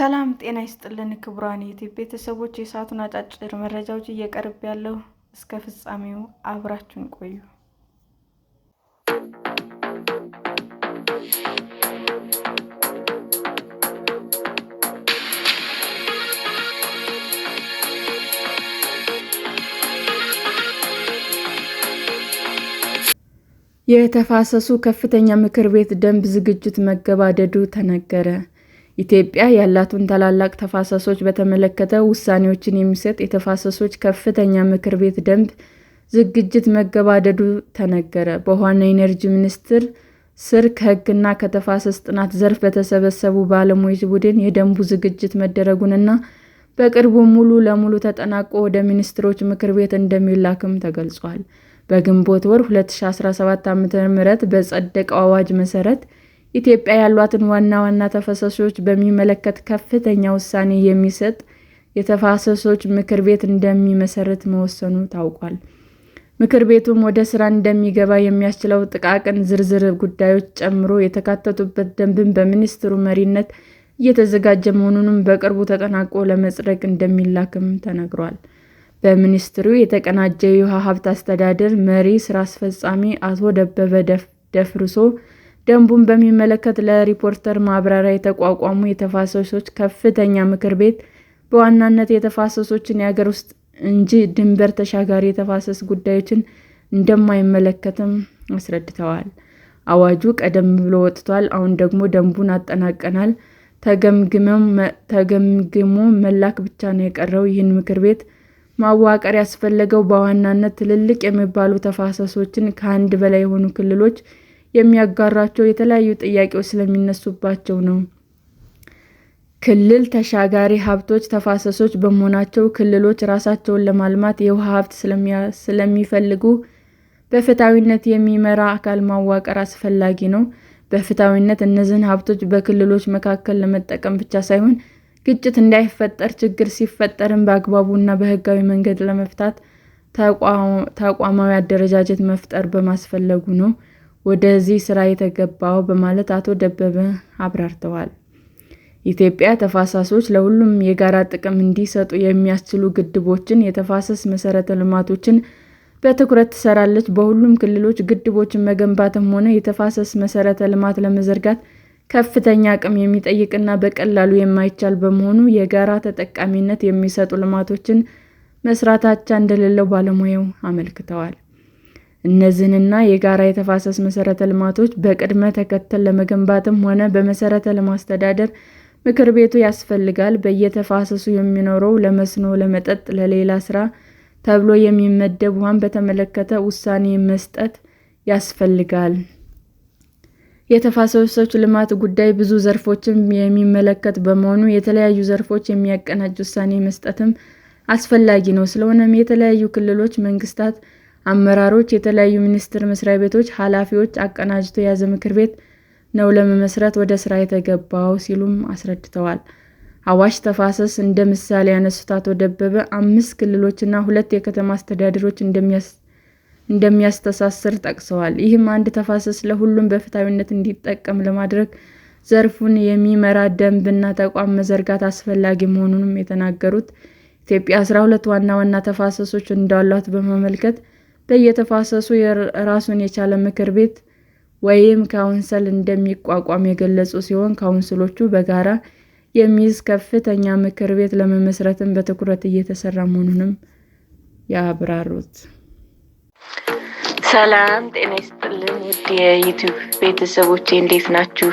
ሰላም ጤና ይስጥልን ክቡራን ዩቲዩብ ቤተሰቦች፣ የሰዓቱን አጫጭር መረጃዎች እየቀርብ ያለው እስከ ፍጻሜው አብራችሁን ቆዩ። የተፋሰሱ ከፍተኛ ምክር ቤት ደንብ ዝግጅት መገባደዱ ተነገረ። ኢትዮጵያ ያላትን ታላላቅ ተፋሰሶች በተመለከተ ውሳኔዎችን የሚሰጥ የተፋሰሶች ከፍተኛ ምክር ቤት ደንብ ዝግጅት መገባደዱ ተነገረ። በውኃና ኢነርጂ ሚኒስቴር ስር ከሕግና ከተፋሰስ ጥናት ዘርፍ በተሰበሰቡ ባለሙያዎች ቡድን የደንቡ ዝግጅት መደረጉንና በቅርቡ ሙሉ ለሙሉ ተጠናቆ ወደ ሚኒስትሮች ምክር ቤት እንደሚላክም ተገልጿል። በግንቦት ወር 2017 ዓ.ም በጸደቀው አዋጅ መሠረት ኢትዮጵያ ያሏትን ዋና ዋና ተፋሰሶች በሚመለከት ከፍተኛ ውሳኔ የሚሰጥ የተፋሰሶች ምክር ቤት እንደሚመሰረት መወሰኑ ታውቋል። ምክር ቤቱም ወደ ስራ እንደሚገባ የሚያስችለው ጥቃቅን ዝርዝር ጉዳዮች ጨምሮ የተካተቱበት ደንብም በሚኒስትሩ መሪነት እየተዘጋጀ መሆኑንም በቅርቡ ተጠናቆ ለመጽደቅ እንደሚላክም ተነግሯል። በሚኒስትሩ የተቀናጀ የውሃ ሀብት አስተዳደር መሪ ስራ አስፈጻሚ አቶ ደበበ ደፍርሶ ደንቡን በሚመለከት ለሪፖርተር ማብራሪያ የተቋቋሙ የተፋሰሶች ከፍተኛ ምክር ቤት በዋናነት የተፋሰሶችን የሀገር ውስጥ እንጂ ድንበር ተሻጋሪ የተፋሰስ ጉዳዮችን እንደማይመለከትም አስረድተዋል። አዋጁ ቀደም ብሎ ወጥቷል። አሁን ደግሞ ደንቡን አጠናቀናል። ተገምግሞ መላክ ብቻ ነው የቀረው። ይህን ምክር ቤት ማዋቀር ያስፈለገው በዋናነት ትልልቅ የሚባሉ ተፋሰሶችን ከአንድ በላይ የሆኑ ክልሎች የሚያጋሯቸው የተለያዩ ጥያቄዎች ስለሚነሱባቸው ነው። ክልል ተሻጋሪ ሀብቶች ተፋሰሶች በመሆናቸው ክልሎች ራሳቸውን ለማልማት የውሃ ሀብት ስለሚፈልጉ በፍትሐዊነት የሚመራ አካል ማዋቀር አስፈላጊ ነው። በፍትሐዊነት እነዚህን ሀብቶች በክልሎች መካከል ለመጠቀም ብቻ ሳይሆን ግጭት እንዳይፈጠር፣ ችግር ሲፈጠርም በአግባቡ እና በሕጋዊ መንገድ ለመፍታት ተቋማዊ አደረጃጀት መፍጠር በማስፈለጉ ነው። ወደዚህ ስራ የተገባው በማለት አቶ ደበበ አብራርተዋል። ኢትዮጵያ ተፋሰሶች ለሁሉም የጋራ ጥቅም እንዲሰጡ የሚያስችሉ ግድቦችን፣ የተፋሰስ መሰረተ ልማቶችን በትኩረት ትሰራለች። በሁሉም ክልሎች ግድቦችን መገንባትም ሆነ የተፋሰስ መሰረተ ልማት ለመዘርጋት ከፍተኛ አቅም የሚጠይቅና በቀላሉ የማይቻል በመሆኑ የጋራ ተጠቃሚነት የሚሰጡ ልማቶችን መስራት አቻ እንደሌለው ባለሙያው አመልክተዋል። እነዚህንና የጋራ የተፋሰስ መሠረተ ልማቶች በቅደም ተከተል ለመገንባትም ሆነ በመሠረተ ለማስተዳደር ምክር ቤቱ ያስፈልጋል። በየተፋሰሱ የሚኖረው ለመስኖ፣ ለመጠጥ፣ ለሌላ ስራ ተብሎ የሚመደብ ውሃን በተመለከተ ውሳኔ መስጠት ያስፈልጋል። የተፋሰሶች ልማት ጉዳይ ብዙ ዘርፎችን የሚመለከት በመሆኑ የተለያዩ ዘርፎች የሚያቀናጅ ውሳኔ መስጠትም አስፈላጊ ነው። ስለሆነም የተለያዩ ክልሎች መንግስታት አመራሮች፣ የተለያዩ ሚኒስቴር መስሪያ ቤቶች ኃላፊዎች አቀናጅቶ የያዘ ምክር ቤት ነው ለመመስረት ወደ ሥራ የተገባው ሲሉም አስረድተዋል። አዋሽ ተፋሰስ እንደ ምሳሌ ያነሱት አቶ ደበበ አምስት ክልሎችና ሁለት የከተማ አስተዳደሮች እንደሚያስተሳስር ጠቅሰዋል። ይህም አንድ ተፋሰስ ለሁሉም በፍትሐዊነት እንዲጠቀም ለማድረግ ዘርፉን የሚመራ ደንብና ተቋም መዘርጋት አስፈላጊ መሆኑንም የተናገሩት ኢትዮጵያ አስራ ሁለት ዋና ዋና ተፋሰሶች እንዳሏት በመመልከት በየተፋሰሱ ራሱን የቻለ ምክር ቤት ወይም ካውንስል እንደሚቋቋም የገለጹ ሲሆን ካውንስሎቹ በጋራ የሚይዝ ከፍተኛ ምክር ቤት ለመመስረትም በትኩረት እየተሰራ መሆኑንም ያብራሩት። ሰላም ጤና ይስጥልን ውድ የዩቱብ ቤተሰቦች እንዴት ናችሁ?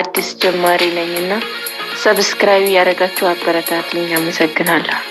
አዲስ ጀማሪ ነኝ እና ሰብስክራይብ ያደረጋችሁ ልኝ አመሰግናለሁ።